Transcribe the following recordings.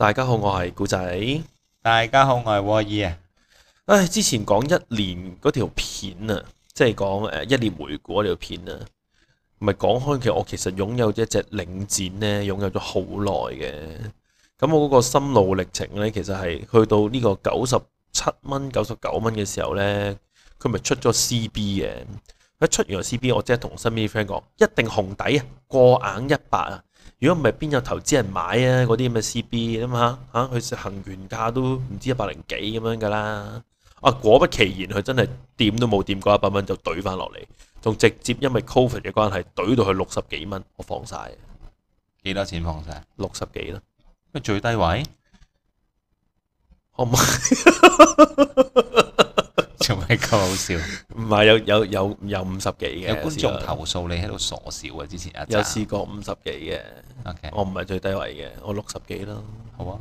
大家好，我係古仔。大家好，我係沃爾啊。唉，之前講一年嗰條片啊，即係講誒一年回顧嗰條片啊，唔係講開。其實我其實擁有咗一隻領展咧，擁有咗好耐嘅。咁我嗰個心路歷程咧，其實係去到呢個九十七蚊、九十九蚊嘅時候咧，佢咪出咗 C B 嘅。一出完 C B，我即係同身邊啲 friend 講，一定紅底啊，過硬一百啊。.如果唔係，邊有投資人買啊？嗰啲咁嘅 CB 啊嘛，嚇嚇佢行原價都唔知一百零幾咁樣噶啦。啊，果不其然佢真係掂都冇掂過一百蚊就懟翻落嚟，仲直接因為 Covid 嘅關係懟到佢六十幾蚊，我放晒。幾多錢放晒？六十幾啦，咩最低位？Oh my！ 好笑，唔係有有有有五十幾嘅，有觀眾投訴你喺度傻笑啊！之前啊，有試過五十幾嘅，Okay. 我唔係最低位嘅，我六十幾咯。好啊，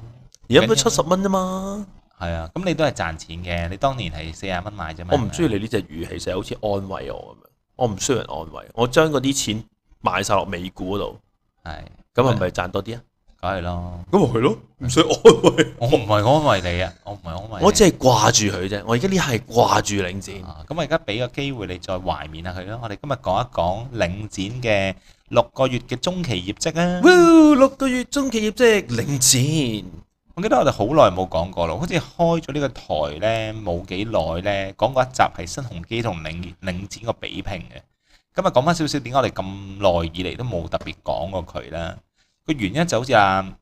欸、而家都七十蚊啫嘛。係啊，咁你都係賺錢嘅。你當年係四十蚊買啫嘛。我唔中意你呢隻語氣，成日好似安慰我咁樣。我唔需要人安慰，我將嗰啲錢買晒落美股嗰度。係，咁係咪賺多啲啊？梗係啦，咁咪係咯，唔使，安慰，我唔係安慰你啊，我唔係安慰，我只係掛住佢啫，我而家呢係掛住領展，咁我而家俾個機會你再懷念下佢咯。我哋今日講一講領展嘅六個月嘅中期業績啊。哇，六個月中期業績領展，我記得我哋好耐冇講過咯，好似開咗呢個台呢冇幾耐呢，講過一集係新鴻基同領領展個比拼嘅。今日講翻少少點解，我哋咁耐以嚟，都冇特別講過佢啦。個原因就好似啊，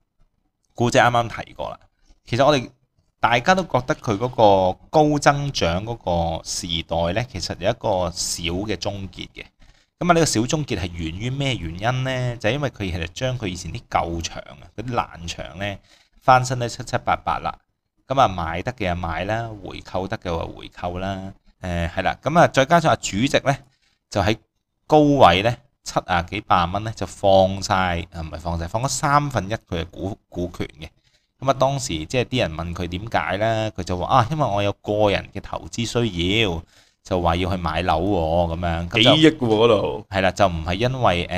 古仔啱啱提過啦。其實我哋大家都覺得佢嗰個高增長嗰個時代咧，其實有一個小嘅終結嘅。咁啊，呢個小終結係源於咩原因咧？就是、因為佢其實將佢以前啲舊場啊、啲爛場咧，翻新得七七八八啦。咁啊，買得嘅就買啦，回購得嘅話回購啦。誒、呃，係啦。咁啊，再加上、啊、主席咧，就喺高位咧。七啊幾百蚊咧就放晒，啊唔係放晒，放咗三分一佢嘅股股權嘅。咁啊，當時即係啲人問佢點解咧，佢就話啊，因為我有個人嘅投資需要，就話要去買樓喎、啊、咁樣。幾億喎嗰度？係啦，就唔係因為誒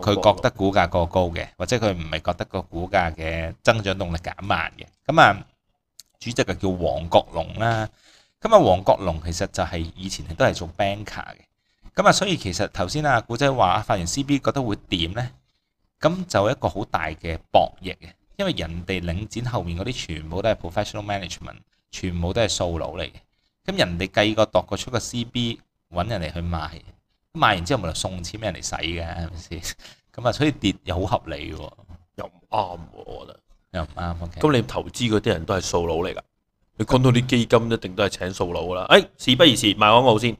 佢、呃、覺得股價過高嘅，或者佢唔係覺得個股價嘅增長動力減慢嘅。咁啊，主席就叫黃國龍啦。咁啊，黃國龍其實就係以前都係做 banker 嘅。咁啊，所以其實頭先阿古仔話啊，發完 CB 覺得會點呢？咁就一個好大嘅博弈嘅，因為人哋領展後面嗰啲全部都係 professional management，全部都係數佬嚟嘅。咁人哋計個度個出個 CB，揾人嚟去賣，賣完之後咪就送錢俾人嚟使嘅，係咪先？咁啊，所以跌又好合理喎，又唔啱喎，我覺得又唔啱。咁，okay，你投資嗰啲人都係數佬嚟噶，你講到啲基金一定都係請數佬啦。誒、哎，事不宜遲，買安慕先。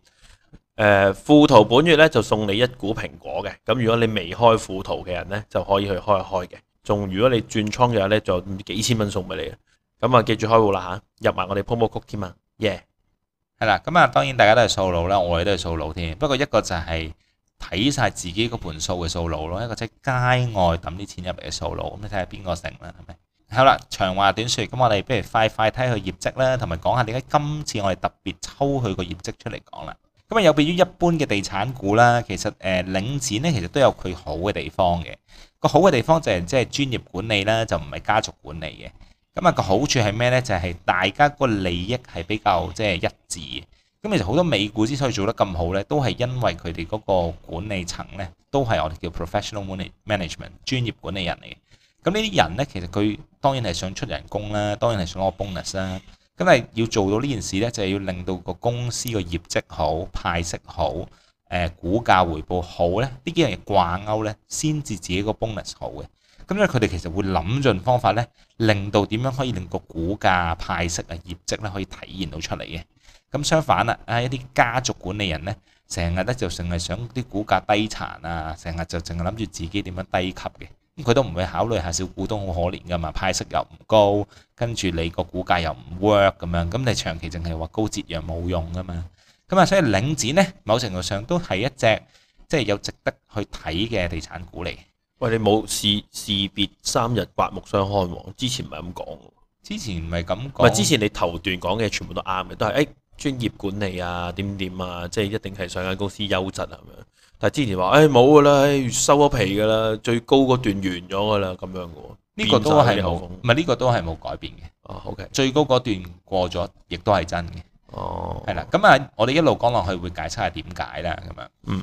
誒，富途本月咧就送你一股蘋果嘅，咁如果你未開富途嘅人咧，就可以去開一開嘅，仲如果你轉倉嘅話咧，就幾千蚊送俾你嘅，咁啊記住開戶啦吓，入埋我哋 promo code 添啊，yeah，係啦，咁啊當然大家都係數佬啦，我哋都係數佬添，不過一個就係睇晒自己嗰盤數嘅數佬咯，一個即係街外抌啲錢入嚟嘅數佬，咁你睇下邊個成啦，係咪？好啦，長話短說，咁我哋不如快快睇下佢業績啦，同埋講下點解今次我哋特別抽佢個業績出嚟講啦。咁啊，有別於一般嘅地產股啦，其實誒、呃、領展咧，其實都有佢好嘅地方嘅。個好嘅地方就係、是、即係專業管理啦，就唔係家族管理嘅。咁啊，個好處係咩呢？就係、是、大家個利益係比較即係一致。咁其實好多美股之所以做得咁好呢，都係因為佢哋嗰個管理層呢，都係我哋叫 professional management 專業管理人嚟嘅。咁呢啲人呢，其實佢當然係想出人工啦，當然係想攞 bonus 啦。咁係要做到呢件事咧，就係要令到個公司個業績好、派息好、呃、股價回報好咧，呢幾樣嘢掛鈎咧，先至自己個 bonus 好嘅。咁咧，佢哋其實會諗盡方法咧，令到點樣可以令個股價、派息啊、業績咧可以體現到出嚟嘅。咁相反啦，啊一啲家族管理人咧，成日咧就成日想啲股價低殘啊，成日就淨係諗住自己點樣低級嘅。咁佢都唔會考慮下小股東好可憐㗎嘛，派息又唔高，跟住你個股價又唔 work 咁樣，咁你長期淨係話高折讓冇用㗎嘛，咁啊所以領展呢，某程度上都係一隻即係有值得去睇嘅地產股嚟。喂，你冇事，士別三日刮目相看喎，啊，之前唔係咁講，之前唔係咁講。唔係之前你頭段講嘅全部都啱嘅，都係誒、哎、專業管理啊，點點啊，即係一定係上間公司優質係之前話誒冇噶啦，收咗皮噶啦，最高嗰段完咗噶啦，咁樣噶喎，呢個都係好，唔係，呢個都係冇改變嘅。哦，好嘅，最高嗰段過咗，亦都係真嘅。哦、oh.，係啦，咁啊，我哋一路講落去會解析下點解啦，咁樣。嗯、mm.，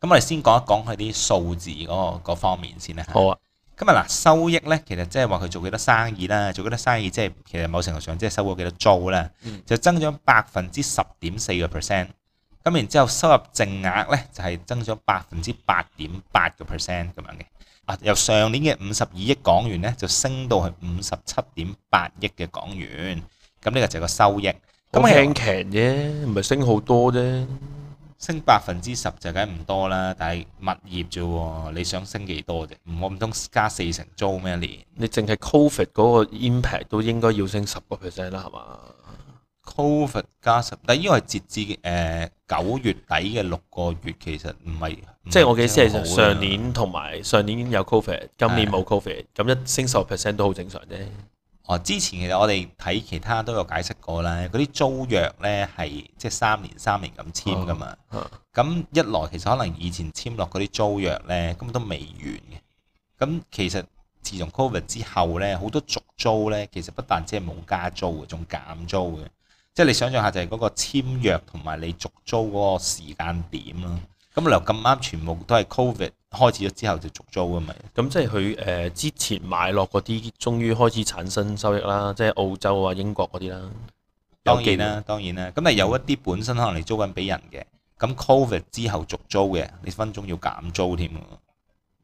咁我哋先講一講佢啲數字嗰個方面先啦。好啊，咁啊嗱，收益咧，其實即係話佢做幾多生意啦，做幾多生意即係其實某程度上即係收過幾多租啦，mm. 就增長百分之十點四個 percent。咁然之後收入淨額咧就係增長百分之八點八個 percent 咁樣嘅，啊由上年嘅五十二億港元咧就升到去五十七點八億嘅港元，咁、這、呢個就係個收益。咁輕期啫，唔係升好多啫，升百分之十就梗係唔多啦。但係物業啫，你想升幾多啫？我唔通加四成租咩？一年你淨係 COVID 嗰個 impact 都應該要升十個 percent 啦，係嘛？Covid 加十，19，但係依個係截至誒九月底嘅六個月，其實唔係，即係我嘅意思係上年同埋上年已經有 Covid，今年冇 Covid，咁一升十 percent 都好正常啫。嗯、哦，之前其實我哋睇其他都有解釋過啦，嗰啲租約咧係即係三年三年咁簽噶嘛，咁、啊啊、一來其實可能以前簽落嗰啲租約咧根本都未完嘅，咁其實自從 Covid 之後咧，好多續租咧其實不但只係冇加租嘅，仲減租嘅。即係你想象下，就係嗰個簽約同埋你續租嗰個時間點啦。咁嚟咁啱，全部都係 Covid 開始咗之後就續租㗎嘛。咁即係佢誒之前買落嗰啲，終於開始產生收益啦。即係澳洲啊、英國嗰啲啦，當然啦，當然啦。咁但係有一啲本身可能你租緊俾人嘅，咁 Covid 之後續租嘅，你分鐘要減租添。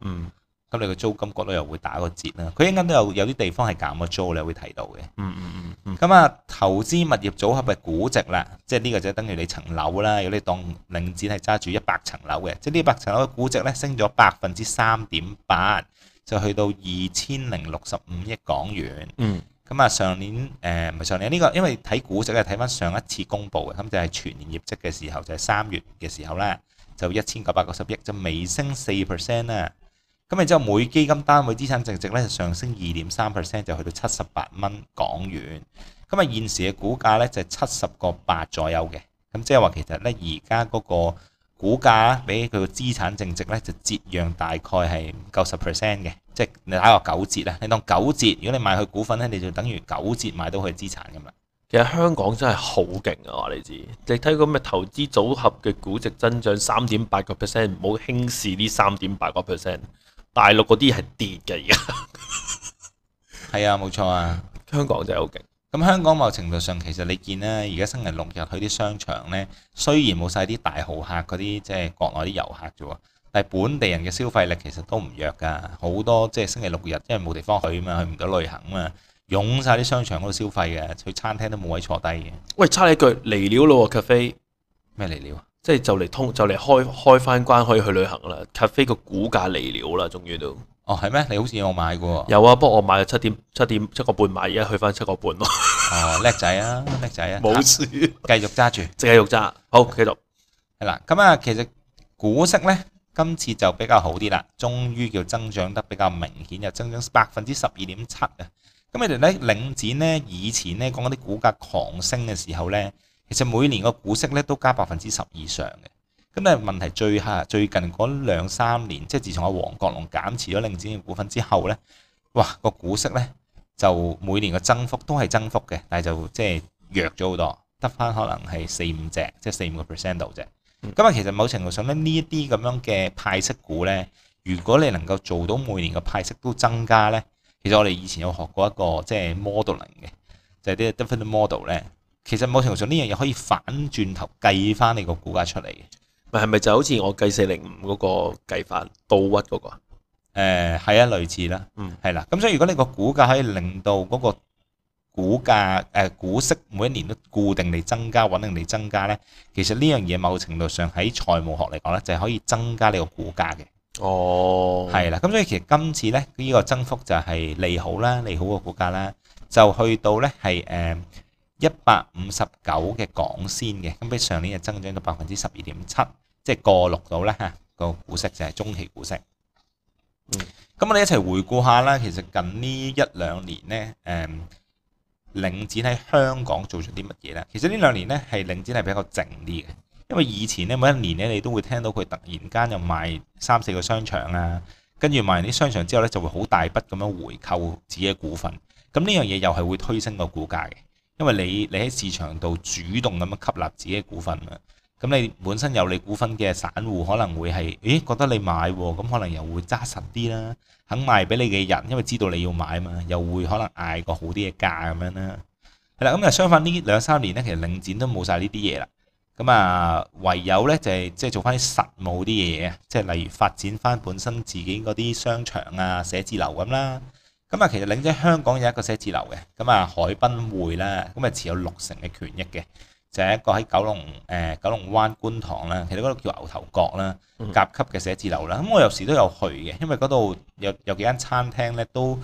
嗯。咁你個租金角度又會打個折啦。佢應該都有有啲地方係減咗租，你會睇到嘅、嗯。嗯嗯嗯咁啊，投資物業組合嘅估值啦，即係呢個就係等於你層樓啦。如果你當領展係揸住一百層樓嘅，即係呢百層樓嘅估值咧，升咗百分之三點八，就去到二千零六十五億港元。嗯。咁啊，上年誒唔係上年呢、這個因為睇估值係睇翻上一次公佈嘅，咁就係全年業績嘅時候，就係、是、三月嘅時候啦，就一千九百九十億，就未升四 percent 啦。咁啊！之後每基金單位資產淨值咧就上升二點三 percent，就去到七十八蚊港元。咁啊，現時嘅股價咧就七十個八左右嘅。咁即係話，其實咧而家嗰個股價比佢個資產淨值咧就折讓大概係唔夠十 percent 嘅，即係你打個九折啦，你當九折，如果你買佢股份咧，你就等於九折買到佢資產咁啦。其實香港真係好勁啊！你知，即係睇咁嘅投資組合嘅估值增長三點八個 percent，唔好輕視呢三點八個 percent。大陸嗰啲嘢係跌嘅而家，係啊冇錯啊，香港真係好勁。咁香港某程度上其實你見呢，而家星期六日去啲商場呢，雖然冇晒啲大豪客嗰啲即係國內啲遊客啫喎，但係本地人嘅消費力其實都唔弱噶。好多即係、就是、星期六日，因為冇地方去啊嘛，去唔到旅行啊嘛，湧晒啲商場嗰度消費嘅，去餐廳都冇位坐低嘅。喂，差你一句，嚟了咯喎，cafe 咩嚟了啊？Cafe 即係就嚟通就嚟開開翻關，可以去旅行啦！卡飛個股價嚟了啦，終於都。哦，係咩？你好似有買過，有啊，不過我買咗七點七點七個半買，而家去翻七個半咯，啊叻仔啊叻仔啊，冇事，繼續揸住，繼續揸，好，繼續係啦。咁啊，其實股息呢今次就比較好啲啦，終於叫增長得比較明顯，就增長百分之十二點七啊。咁你哋咧領展咧以前呢講嗰啲股價狂升嘅時候呢其實每年個股息咧都加百分之十以上嘅，咁啊問題最下最近嗰兩三年，即係自從阿黃國龍減持咗領展嘅股份之後咧，哇、個股息咧就每年嘅增幅都係增幅嘅，但係就即係弱咗好多，得翻可能係四五隻，即係四五個 percent 度啫。咁啊，嗯、其實某程度上咧，呢一啲咁樣嘅派息股咧，如果你能夠做到每年嘅派息都增加咧，其實我哋以前有學過一個即係 modeling 嘅，就係、係、啲 mod、就係、different model 咧。其實某程度上呢樣嘢可以反轉頭計翻你個股價出嚟嘅，咪係咪就好似我計四零五嗰個計法倒屈嗰個啊？係啊、呃，類似啦，係啦、嗯。咁所以如果你個股價可以令到嗰個股價誒、呃、股息每一年都固定嚟增加、穩定嚟增加咧，其實呢樣嘢某程度上喺財務學嚟講咧，就係可以增加你個股價嘅。哦，係啦。咁所以其實今次咧，呢、這個增幅就係利好啦，利好個股價啦，就去到咧係誒。是呃一百五十九嘅港仙嘅，咁比上年就增長到百分之十二點七，即係過六度呢吓個股息就係中期股息。咁、嗯、我哋一齊回顧一下啦。其實近呢一兩年呢，誒、嗯、領展喺香港做出啲乜嘢呢？其實呢兩年呢，係領展係比較靜啲嘅，因為以前呢，每一年呢，你都會聽到佢突然間又賣三四個商場啦、啊，跟住賣完啲商場之後呢，就會好大筆咁樣回購自己嘅股份，咁呢樣嘢又係會推升個股價嘅。因為你你喺市場度主動咁樣吸納自己嘅股份啊，咁你本身有你股份嘅散戶可能會係，誒覺得你買喎，咁可能又會揸實啲啦，肯賣俾你嘅人，因為知道你要買嘛，又會可能嗌個好啲嘅價咁樣啦。係啦，咁啊相反呢兩三年咧，其實領展都冇晒呢啲嘢啦，咁啊唯有咧就係即係做翻啲實務啲嘢啊，即係例如發展翻本身自己嗰啲商場啊、寫字樓咁啦。咁啊，其實領展香港有一個寫字樓嘅，咁啊，海濱匯啦，咁啊持有六成嘅權益嘅，就係、是、一個喺九龍誒、呃、九龍灣觀塘啦，其實嗰度叫牛頭角啦，甲級嘅寫字樓啦，咁我有時都有去嘅，因為嗰度有有幾間餐廳咧都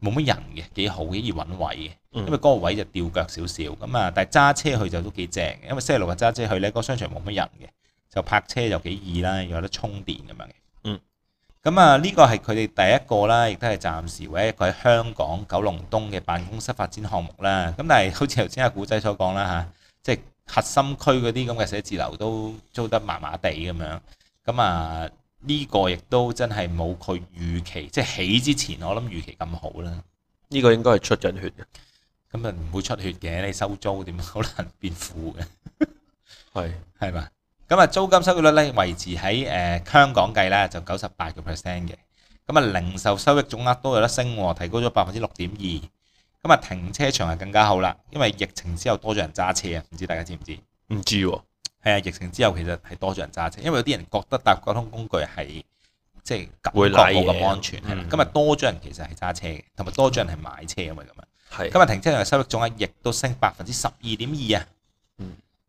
冇乜人嘅，幾好嘅，易揾位嘅，嗯、因為嗰個位置就吊腳少少，咁啊，但係揸車去就都幾正嘅，因為星期六日揸車去呢嗰、那個、商場冇乜人嘅，就泊車又幾易啦，又有得充電咁樣嘅。咁啊，呢個係佢哋第一個啦，亦都係暫時唯一一個喺香港九龍東嘅辦公室發展項目啦。咁但係好似頭先阿古仔所講啦吓，即係核心區嗰啲咁嘅寫字樓都租得麻麻地咁樣。咁啊，呢個亦都真係冇佢預期，即係起之前我諗預期咁好啦。呢個應該係出咗血嘅，咁啊唔會出血嘅，你收租點可能變苦嘅？係係嘛？咁啊，租金收益率咧維持喺誒香港計咧就九十八個 percent 嘅。咁啊，零售收益總額都有得升喎，提高咗百分之六點二。咁啊，停車場係更加好啦，因為疫情之後多咗人揸車啊，唔知大家知唔知？唔知喎、啊。係啊，疫情之後其實係多咗人揸車，因為有啲人覺得搭交通工具係即係感覺冇咁安全，咁啊、嗯、多咗人其實係揸車，同埋多咗人係買車啊嘛咁啊。係、嗯。咁啊停車場嘅收益總額亦都升百分之十二點二啊。嗯。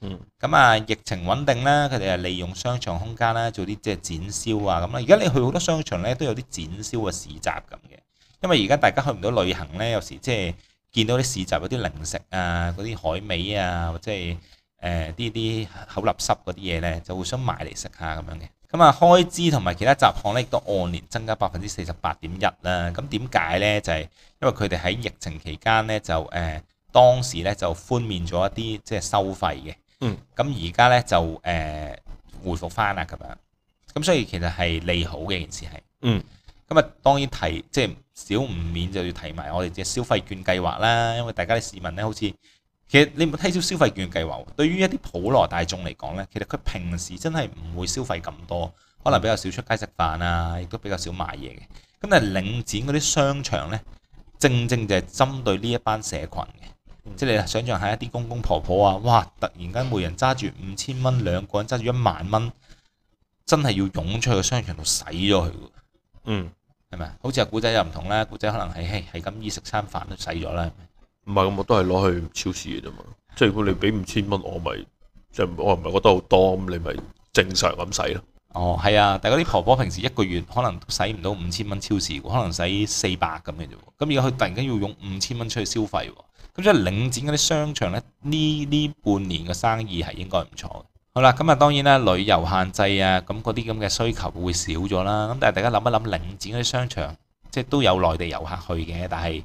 嗯，咁啊，疫情穩定啦，佢哋係利用商場空間啦，做啲即係展銷啊咁啦。而家你去好多商場咧都有啲展銷嘅市集咁嘅，因為而家大家去唔到旅行咧，有時即係見到啲市集嗰啲零食啊、嗰啲海味啊，或者係誒啲啲口立濕嗰啲嘢咧，就會想買嚟食下咁樣嘅。咁啊，開支同埋其他雜項咧亦都按年增加百分之四十八點一啦。咁點解咧？就係、是、因為佢哋喺疫情期間咧就誒、呃、當時咧就寬免咗一啲即係收費嘅。咁而家呢，嗯、就誒回復翻啦咁樣，咁所以其實係利好嘅件事係，嗯，咁啊當然提即係少唔免就要提埋我哋嘅消費券計劃啦，因為大家嘅市民呢，好似其實你唔好睇少消費券計劃，對於一啲普羅大眾嚟講呢，其實佢平時真係唔會消費咁多，可能比較少出街食飯啊，亦都比較少買嘢嘅，咁啊領展嗰啲商場呢，正正就係針對呢一班社群嘅。即係你想象下一啲公公婆婆啊，哇！突然間每人揸住五千蚊，兩個人揸住一萬蚊，真係要湧出去個商場度使咗佢嘅。嗯，係咪？好似阿古仔又唔同啦，古仔可能係係咁，意食餐飯都使咗啦。唔係咁，我都係攞去超市嘅啫嘛。即係如果你俾五千蚊我唔係，咪即係我唔係覺得好多咁，你咪正常咁使咯。哦，係啊，但係嗰啲婆婆平時一個月可能使唔到五千蚊超市，可能使四百咁嘅啫。咁而家佢突然間要用五千蚊出去消費喎。咁即係領展嗰啲商場咧，呢呢半年嘅生意係應該唔錯。好啦，咁啊當然啦，旅遊限制啊，咁嗰啲咁嘅需求會少咗啦。咁但係大家諗一諗，領展嗰啲商場即係都有內地遊客去嘅，但係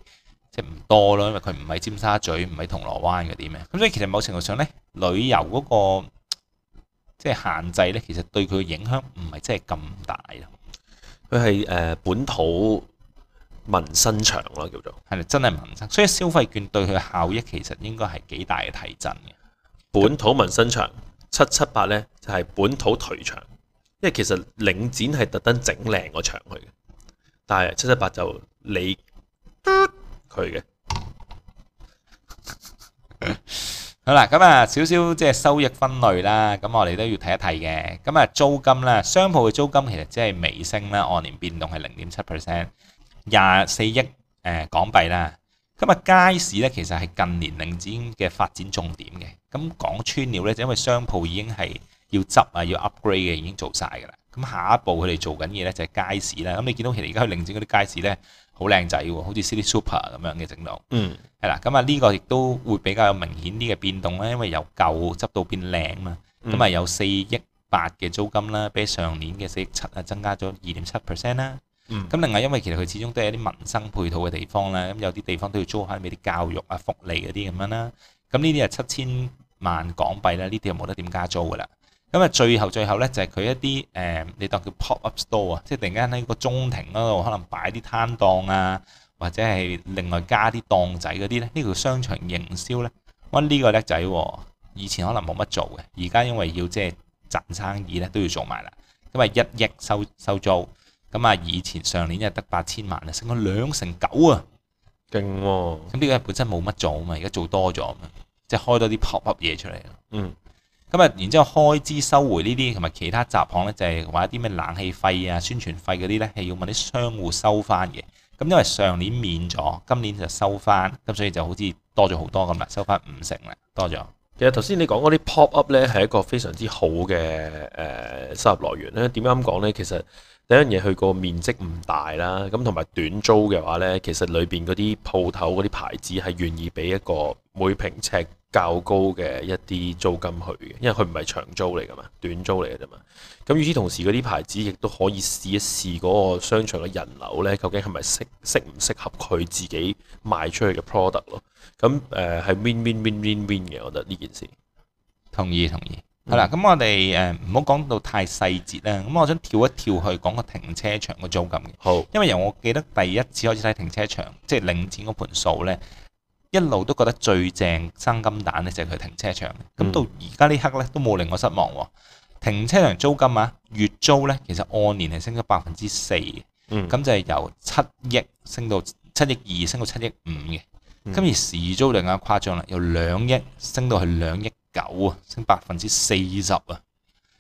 即係唔多咯，因為佢唔喺尖沙咀、唔喺銅鑼灣嗰啲咩。咁所以其實某程度上咧，旅遊嗰個即係限制咧，其實對佢嘅影響唔係真係咁大咯。佢係誒本土。民生場咯，叫做係咪真係民生？所以消費券對佢效益其實應該係幾大嘅提振嘅。本土民生場七七八咧就係、是、本土頹場，因為其實領展係特登整靚個場去嘅，但係七七八就你佢嘅。 好啦，咁啊少少即係收益分類啦，咁我哋都要睇一睇嘅。咁啊租金啦，商鋪嘅租金其實即係微升啦，按年變動係零點七 percent。廿四億誒港幣啦，咁啊、呃、街市咧其實係近年領展嘅發展重點嘅，咁講穿了咧就是、因為商鋪已經係要執啊要 upgrade 嘅已經做晒㗎啦，咁下一步佢哋做緊嘢咧就係街市啦，咁你見到其實而家去領展嗰啲街市咧好靚仔喎，好似 City Super 咁樣嘅程度，嗯，係啦，咁啊呢個亦都會比較有明顯啲嘅變動啦，因為由舊執到變靚啊嘛，咁啊、嗯、有四億八嘅租金啦，比上年嘅四億七啊增加咗二點七 percent 啦。咁、嗯、另外因為其實佢始終都係一啲民生配套嘅地方啦，咁有啲地方都要租下畀啲教育啊、福利嗰啲咁樣啦。咁呢啲係七千萬港幣啦，呢啲又冇得點加租噶啦。咁啊最後最後咧就係佢一啲誒、呃，你當佢 pop up store 啊，即係突然間喺個中庭嗰度可能擺啲攤檔啊，或者係另外加啲檔仔嗰啲咧，呢、這個商場營銷咧，哇、這、呢個叻仔喎，以前可能冇乜做嘅，而家因為要即係賺生意咧都要做埋啦，咁為一億收收租。咁啊！以前上年就得八千萬啊，升咗兩成九啊，勁喎、啊！咁呢個本身冇乜做啊嘛，而家做多咗啊嘛，即係開多啲 pop up 嘢出嚟。嗯，咁啊，然之後開支收回呢啲同埋其他雜項咧，就係話一啲咩冷氣費啊、宣傳費嗰啲咧，係要問啲商戶收翻嘅。咁因為上年免咗，今年就收翻，咁所以就好似多咗好多咁啦，收翻五成啦，多咗。其實頭先你講嗰啲 pop up 咧，係一個非常之好嘅誒收入來源咧。點解咁講咧？其實第一樣嘢，佢個面積唔大啦，咁同埋短租嘅話呢，其實裏邊嗰啲鋪頭嗰啲牌子係願意俾一個每平尺較高嘅一啲租金去嘅，因為佢唔係長租嚟噶嘛，短租嚟嘅啫嘛。咁與此同時，嗰啲牌子亦都可以試一試嗰個商場嘅人流呢，究竟係咪適適唔適合佢自己賣出去嘅 product 咯？咁誒係 win win win win win 嘅，我覺得呢件事。同意，同意。同意。好啦，咁、嗯、我哋誒唔好講到太細節啦。咁我想跳一跳去講個停車場個租金嘅。好，因為由我記得第一次開始睇停車場，即係領展嗰盤數呢，一路都覺得最正生金蛋呢就係佢停車場。咁、嗯、到而家呢刻呢，都冇令我失望喎。停車場租金啊，月租呢，其實按年係升咗百分之四咁就係由七億升到七億二，升到七億五嘅。咁、嗯、而時租就更加誇張啦，由兩億升到去兩億。九啊，升百分之四十啊！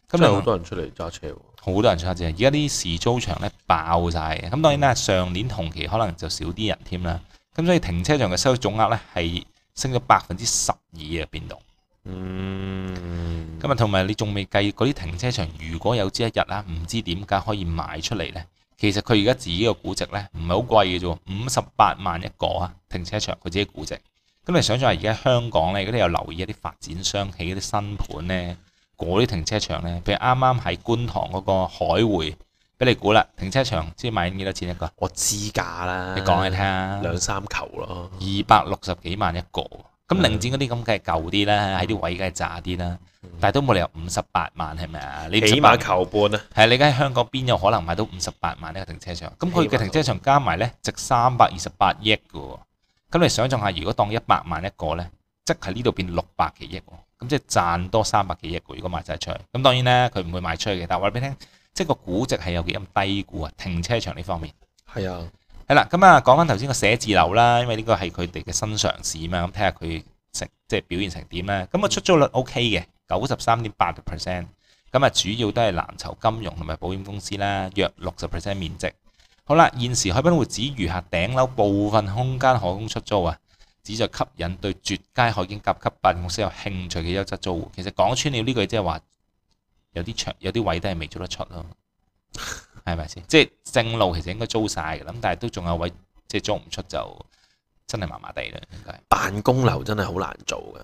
今日好多人出嚟揸車喎，好多人出揸車。而家啲時租場咧爆晒，咁當然啦，上年同期可能就少啲人添啦。咁所以停車場嘅收入總額咧係升咗百分之十二嘅變動。嗯，咁啊，同埋你仲未計嗰啲停車場，如果有朝一日啦，唔知點解可以賣出嚟呢，其實佢而家自己嘅估值呢，唔係好貴嘅啫，五十八萬一個啊！停車場佢自己估值。咁你想象下而家香港咧，如果你有留意一啲發展商起啲新盤咧，嗰啲停車場咧，譬如啱啱喺觀塘嗰個海匯，俾你估啦，停車場知買幾多錢一個？我知價啦，你講嚟聽啊！兩三球咯，二百六十幾萬一個。咁領展嗰啲咁梗係舊啲啦，喺啲、嗯、位梗係渣啲啦，嗯、但係都冇理由五十八萬係咪啊？你萬起碼球半啊！係你而家香港邊有可能買到五十八萬一個停車場？咁佢嘅停車場加埋咧值三百二十八億㗎喎。咁你想象下，如果當一百萬一個呢，即係呢度變六百幾億喎，咁即係賺多三百幾億嘅。如果賣晒出去，咁當然呢，佢唔會賣出去嘅。但話俾你聽，即係個估值係有幾咁低估啊？停車場呢方面，係啊的，係啦。咁啊，講翻頭先個寫字樓啦，因為呢個係佢哋嘅新嘗試啊嘛，咁睇下佢成即係表現成點呢？咁個出租率 O K 嘅，九十三點八個 percent。咁啊，主要都係藍籌金融同埋保險公司啦，約六十 percent 面積。好啦，現時海濱會只餘下頂樓部分空間可供出租啊，旨在吸引對絕佳海景甲級辦公室有興趣嘅優質租戶。其實講穿了呢句，即係話有啲場有啲位都係未租得出咯，係咪先？即係正路其實應該租晒嘅，咁但係都仲有位，即係租唔出就真係麻麻地啦。應該，辦公樓真係好難做噶，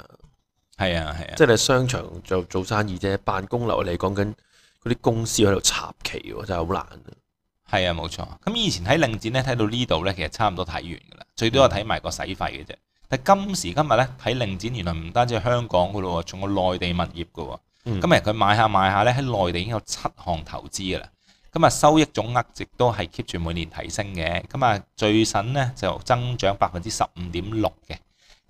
係啊係啊，即係你商場做做生意啫，辦公樓你講緊嗰啲公司喺度插旗喎，真係好難。係啊，冇錯。咁以前喺令展咧睇到呢度咧，其實差唔多睇完噶啦。最多睇埋個洗費嘅啫。嗯、但今時今日咧，睇令展原來唔單止係香港噶咯喎，仲有內地物業噶喎。咁佢、嗯、買下賣下咧，喺內地已經有七項投資噶啦。咁啊，收益總額亦都係 keep 住每年提升嘅。咁啊，最新咧就增長百分之十五點六嘅。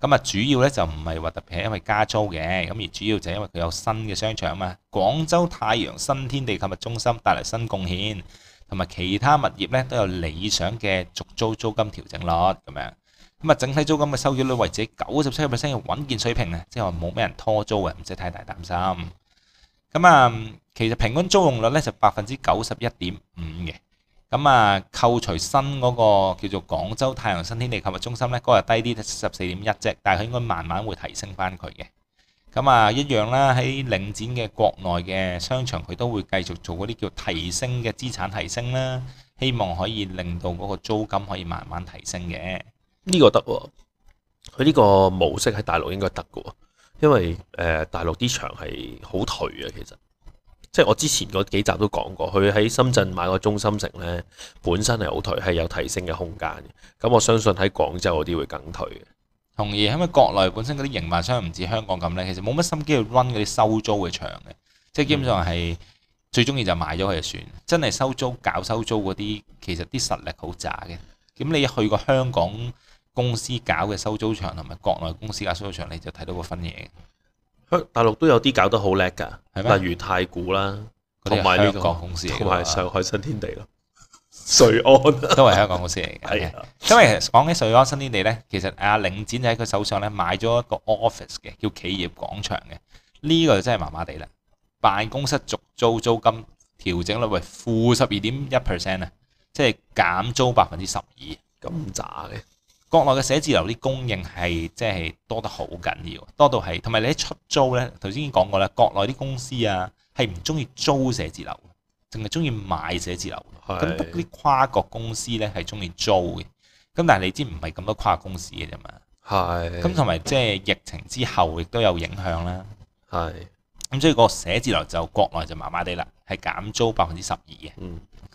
咁啊，主要咧就唔係話特別係因為加租嘅，咁而主要就是因為佢有新嘅商場啊嘛。廣州太陽新天地購物中心帶嚟新貢獻。同埋其他物業咧都有理想嘅續租租金調整率咁樣，咁啊整體租金嘅收益率，維持九十七個 percent 嘅穩健水平啊，即係話冇咩人拖租啊，唔使太大擔心。咁啊，其實平均租用率咧就百分之九十一點五嘅，咁啊扣除新嗰個叫做廣州太陽新天地購物中心咧嗰個係低啲十四點一啫，但係佢應該慢慢會提升翻佢嘅。咁啊，一樣啦，喺領展嘅國內嘅商場，佢都會繼續做嗰啲叫提升嘅資產提升啦，希望可以令到嗰個租金可以慢慢提升嘅。呢個得喎，佢呢個模式喺大陸應該得喎，因為，呃，大陸啲場係好退呀。其實，即係我之前嗰幾集都講過，佢喺深圳買個中心城呢，本身係好退，係有提升嘅空間嘅。咁我相信喺廣州嗰啲會更退嘅。同意，因為國內本身嗰啲營辦商唔似香港咁呢，其實冇乜心機去 run 嗰啲收租嘅場嘅，即係基本上係最中意就賣咗佢就算。真係收租、搞收租嗰啲，其實啲實力好渣嘅。咁你去過香港公司搞嘅收租場，同埋國內公司搞收租場，你就睇到個分野。大陸都有啲搞得好叻㗎，嗎例如太古啦，同埋呢個港公司，同埋上海新天地啦。瑞水安 都係香港公司嚟嘅，的因為講起瑞安新天地呢，其實阿領展就喺佢手上呢買咗一個 office 嘅，叫企業廣場嘅。呢、這個就真係麻麻地啦，辦公室續租租金調整率為負十二點一 percent 啊，即係減租百分之十二。咁渣嘅。國內嘅寫字樓啲供應係即係多得好緊要，多到係同埋你一出租呢，頭先已經講過啦，國內啲公司啊係唔中意租寫字樓。淨係中意買寫字樓，咁得啲跨國公司呢係中意租嘅，咁但係你知唔係咁多跨國公司嘅啫嘛，係是，咁同埋即係疫情之後亦都有影響啦，係是，咁所以個寫字樓就國內就麻麻地啦，係減租百分之十二嘅，咁、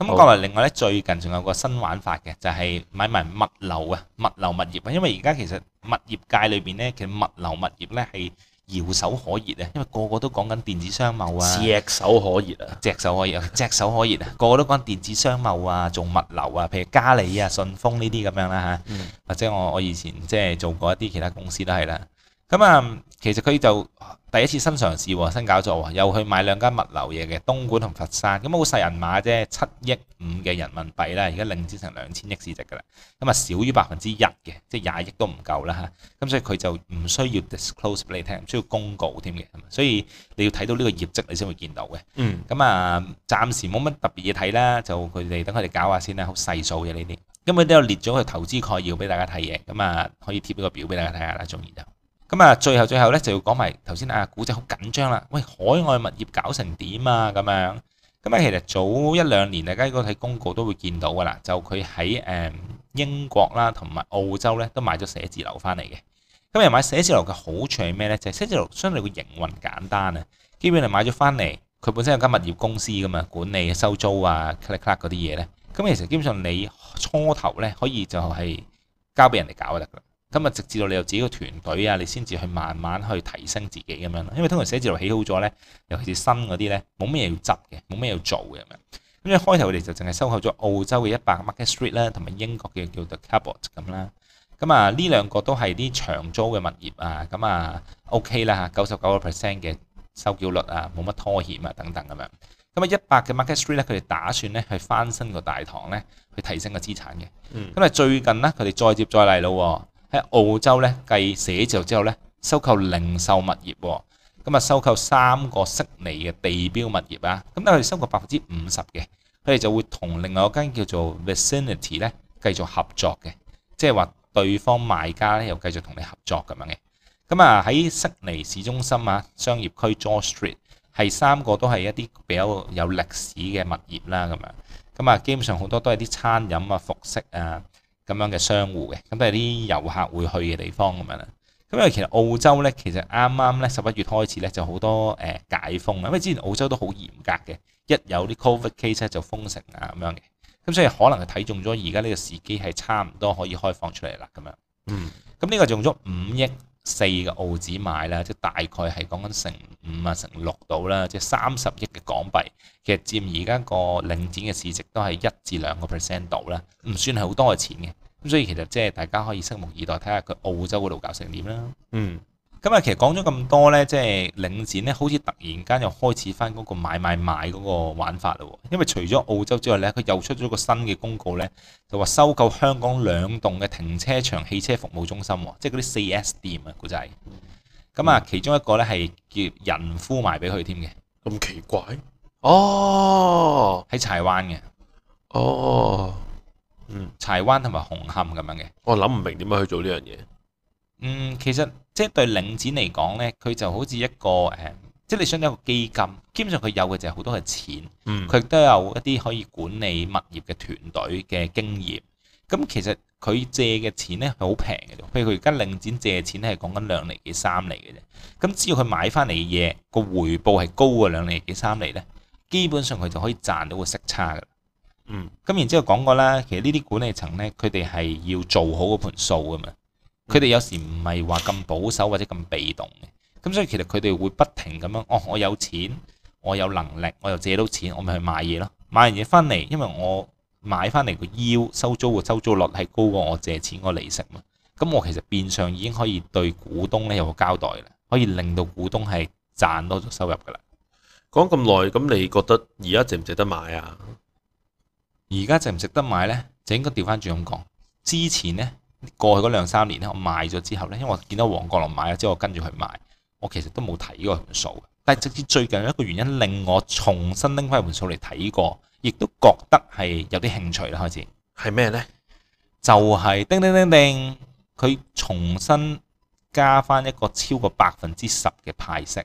嗯、國內另外呢，最近仲有個新玩法嘅，就係、是、買埋物流啊，物流物業啊，因為而家其實物業界裏邊呢，其實物流物業呢係。炙手可熱啊，因為個個都講緊電子商貿啊，炙手可熱啊，炙手可熱、啊，炙手可熱啊，熱啊 個個都講電子商貿啊，做物流啊，譬如嘉里啊、順豐呢啲咁樣啦、啊、嚇，嗯、或者我我以前即係做過一啲其他公司都係啦、啊，咁啊其實佢就。第一次新嘗試喎，新搞作喎，又去買兩間物流嘢嘅，東莞同佛山，咁好細人馬啫，七億五嘅人民幣啦，而家領展成兩千億市值噶啦，咁啊少於百分之一嘅，即係廿億都唔夠啦嚇，咁所以佢就唔需要 disclose 俾你聽，唔需要公告添嘅，所以你要睇到呢個業績你先會見到嘅。嗯，咁啊暫時冇乜特別嘢睇啦，就佢哋等佢哋搞下先啦，好細數嘅呢啲，咁我都有列咗個投資概要俾大家睇嘢。咁啊可以貼呢個表俾大家睇下啦，總然就。咁啊，最後最後咧就要講埋頭先啊，古仔好緊張啦！喂，海外物業搞成點啊？咁樣咁啊，樣其實早一兩年大家應該睇公告都會見到噶啦，就佢喺英國啦同埋澳洲咧都買咗寫字樓翻嚟嘅。咁又買寫字樓嘅好處係咩咧？就係寫字樓相對會營運簡單啊，基本你買咗翻嚟，佢本身有間物業公司㗎嘛，管理收租啊、click clack 嗰啲嘢咧。咁其實基本上你初頭咧可以就係交俾人哋搞就得㗎。今日直至到你有自己嘅團隊啊，你先至去慢慢去提升自己咁樣。因為通常寫字樓起好咗呢，尤其是新嗰啲呢，冇咩嘢要執嘅，冇咩嘢要做嘅咁樣。咁、嗯、一開頭佢哋就淨係收購咗澳洲嘅一百 Market Street 啦、啊，同埋英國嘅叫做 Cabots 咁啦。咁啊呢兩個都係啲長租嘅物業啊。咁、嗯、啊 OK 啦，九十九個 percent 嘅收繳率啊，冇乜拖欠啊等等咁樣。咁啊一百嘅 Market Street 咧，佢哋打算呢，去翻新個大堂呢，去提升個資產嘅。咁啊、嗯嗯、最近呢，佢哋再接再厲咯。喺澳洲咧繼寫字之後咧，收購零售物業喎，咁啊收購三個悉尼嘅地標物業啊，咁但係收購百分之五十嘅，佢哋就會同另外一間叫做 Vicinity 咧繼續合作嘅，即係話對方賣家咧又繼續同你合作咁樣嘅，咁啊喺悉尼市中心啊商業區 George Street，係三個都係一啲比較有歷史嘅物業啦咁樣，咁啊基本上好多都係啲餐飲啊服飾啊。咁樣嘅商戶嘅，咁都係啲遊客會去嘅地方咁樣啦。咁因為其實澳洲咧，其實啱啱咧十一月開始咧就好多、呃、解封啦，因為之前澳洲都好嚴格嘅，一有啲 Covid case 就封城啊咁樣嘅。咁所以可能係睇中咗而家呢個時機係差唔多可以開放出嚟啦咁樣。嗯，咁呢個用咗五億。四個澳紙買啦，即大概係講緊成五啊成六度啦，即係三十億嘅港幣，其實佔而家個領展嘅市值都係一至兩個 percent 度啦，唔算係好多嘅錢嘅，咁所以其實即係大家可以拭目以待，睇下佢澳洲嗰度搞成點啦。嗯。今日其實講咗咁多呢，即係領展呢，好似突然間又開始翻嗰個買買買嗰個玩法嘞。因為除咗澳洲之外呢，佢又出咗個新嘅公告呢，就話收購香港兩棟嘅停車場汽車服務中心喎，即係嗰啲四 S 店啊，估計。咁啊、嗯，其中一個呢係叫仁孚賣俾佢添嘅。咁奇怪哦！喺柴灣嘅哦，嗯，柴灣同埋紅磡咁樣嘅。我諗唔明點樣去做呢樣嘢。嗯，其實。即係對領展嚟講呢，佢就好似一個誒，即係你想有個基金，基本上佢有嘅就係好多係錢，佢、嗯、都有一啲可以管理物業嘅團隊嘅經驗。咁其實佢借嘅錢呢係好平嘅，譬如佢而家領展借嘅錢係講緊兩厘幾三厘嘅啫。咁只要佢買翻嚟嘅嘢，個回報係高過兩厘幾三厘呢，基本上佢就可以賺到個息差㗎。嗯，咁然之後講過啦，其實呢啲管理層呢，佢哋係要做好嗰盤數㗎嘛。佢哋有時唔係話咁保守或者咁被動嘅，咁所以其實佢哋會不停咁樣，哦，我有錢，我有能力，我又借到錢，我咪去買嘢咯。買完嘢翻嚟，因為我買翻嚟個要收租嘅收租率係高過我借錢個利息嘛，咁我其實變相已經可以對股東咧有個交代啦，可以令到股東係賺多咗收入噶啦。講咁耐，咁你覺得而家值唔值得買啊？而家值唔值得買呢？就應該調翻轉咁講，之前呢。過去嗰兩三年咧，我買咗之後咧，因為我見到黃國龍買咗之後，我跟住去買，我其實都冇睇過盤數。但直至最近一個原因令我重新拎翻盤數嚟睇過，亦都覺得係有啲興趣啦。開始係咩呢？就係叮叮叮叮，佢重新加翻一個超過百分之十嘅派息，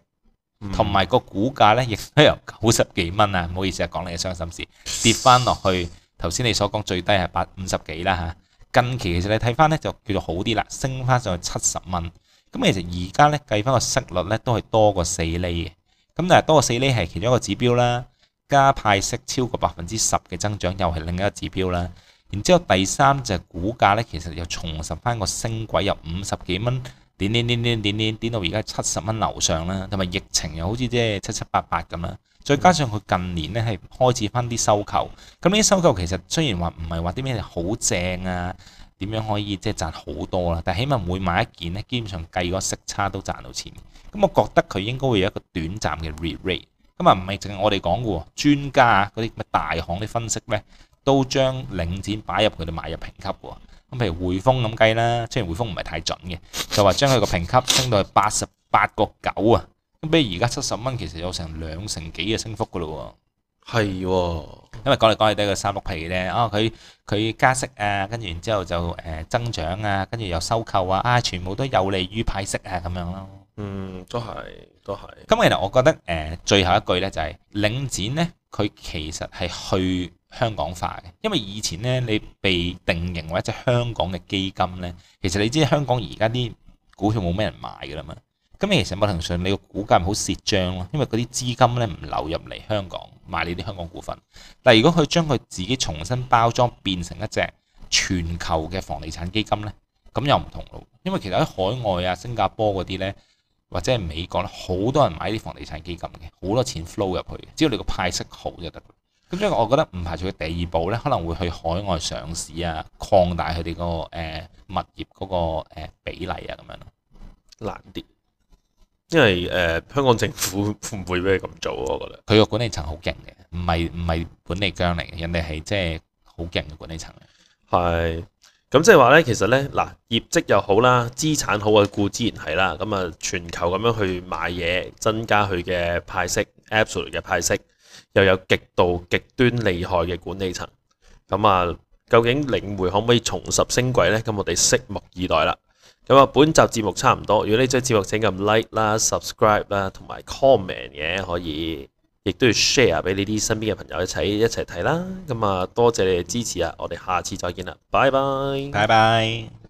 同埋、嗯、個股價呢亦都有九十幾蚊啊，唔好意思講你嘅傷心事，跌翻落去頭先你所講最低係百五十幾啦嚇。近期其實你睇翻咧就叫做好啲啦，升翻上去七十蚊。咁其實而家咧計翻個息率咧都係多過四厘嘅。咁但係多過四厘係其中一個指標啦。加派息超過百分之十嘅增長又係另一個指標啦。然之後第三就係股價咧，其實又重拾翻個升軌，由五十幾蚊點點點點點點點到而家七十蚊樓上啦。同埋疫情又好似即係七七八八咁啦。再加上佢近年咧係開始翻啲收購，咁呢啲收購其實雖然話唔係話啲咩好正啊，點樣可以即係賺好多啦，但係起碼每買一件咧，基本上計個息差都賺到錢。咁我覺得佢應該會有一個短暫嘅 re-rate。咁啊唔係淨係我哋講嘅喎，專家啊嗰啲咩大行啲分析咧，都將領展擺入佢哋買入評級喎。咁譬如匯豐咁計啦，雖然匯豐唔係太準嘅，就話將佢個評級升到去八十八個九啊。比而家七十蚊，其實有成兩成幾嘅升幅噶咯喎。係喎、哦，因為講嚟講去都係個三六皮咧。啊、哦，佢佢加息啊，跟住然之後就誒、呃、增長啊，跟住又收購啊，啊，全部都有利於派息啊咁樣咯。嗯，都係都係。咁其實我覺得誒、呃、最後一句咧就係、是、領展咧，佢其實係去香港化嘅，因為以前咧你被定型為一隻香港嘅基金咧，其實你知香港而家啲股票冇咩人買噶啦嘛。咁其實冇同上你個股價唔好蝕帳咯，因為嗰啲資金咧唔流入嚟香港買你啲香港股份。但係如果佢將佢自己重新包裝變成一隻全球嘅房地產基金呢，咁又唔同咯。因為其實喺海外啊、新加坡嗰啲呢，或者係美國咧，好多人買啲房地產基金嘅，好多錢 flow 入去，只要你個派息好就得。咁即係我覺得唔排除佢第二步呢可能會去海外上市啊，擴大佢哋個物業嗰個比例啊咁樣難啲。因為誒、呃，香港政府唔會俾佢咁做，啊，我覺得佢個管理層好勁嘅，唔係唔係管理僵嚟嘅，人哋係即係好勁嘅管理層。係，咁即係話咧，其實咧嗱，業績又好啦，資產好啊，固然係啦，咁啊，全球咁樣去買嘢，增加佢嘅派息，absolute 嘅派息，又有極度極端厲害嘅管理層，咁啊，究竟領匯可唔可以重拾升軌咧？咁我哋拭目以待啦。咁啊，本集節目差唔多。如果你中意節目，請㩒 like 啦、subscribe 啦，同埋 comment 嘅可以，亦都要 share 俾你啲身邊嘅朋友一齊一齊睇啦。咁啊，多謝你哋支持啊！我哋下次再見啦，拜拜，拜拜。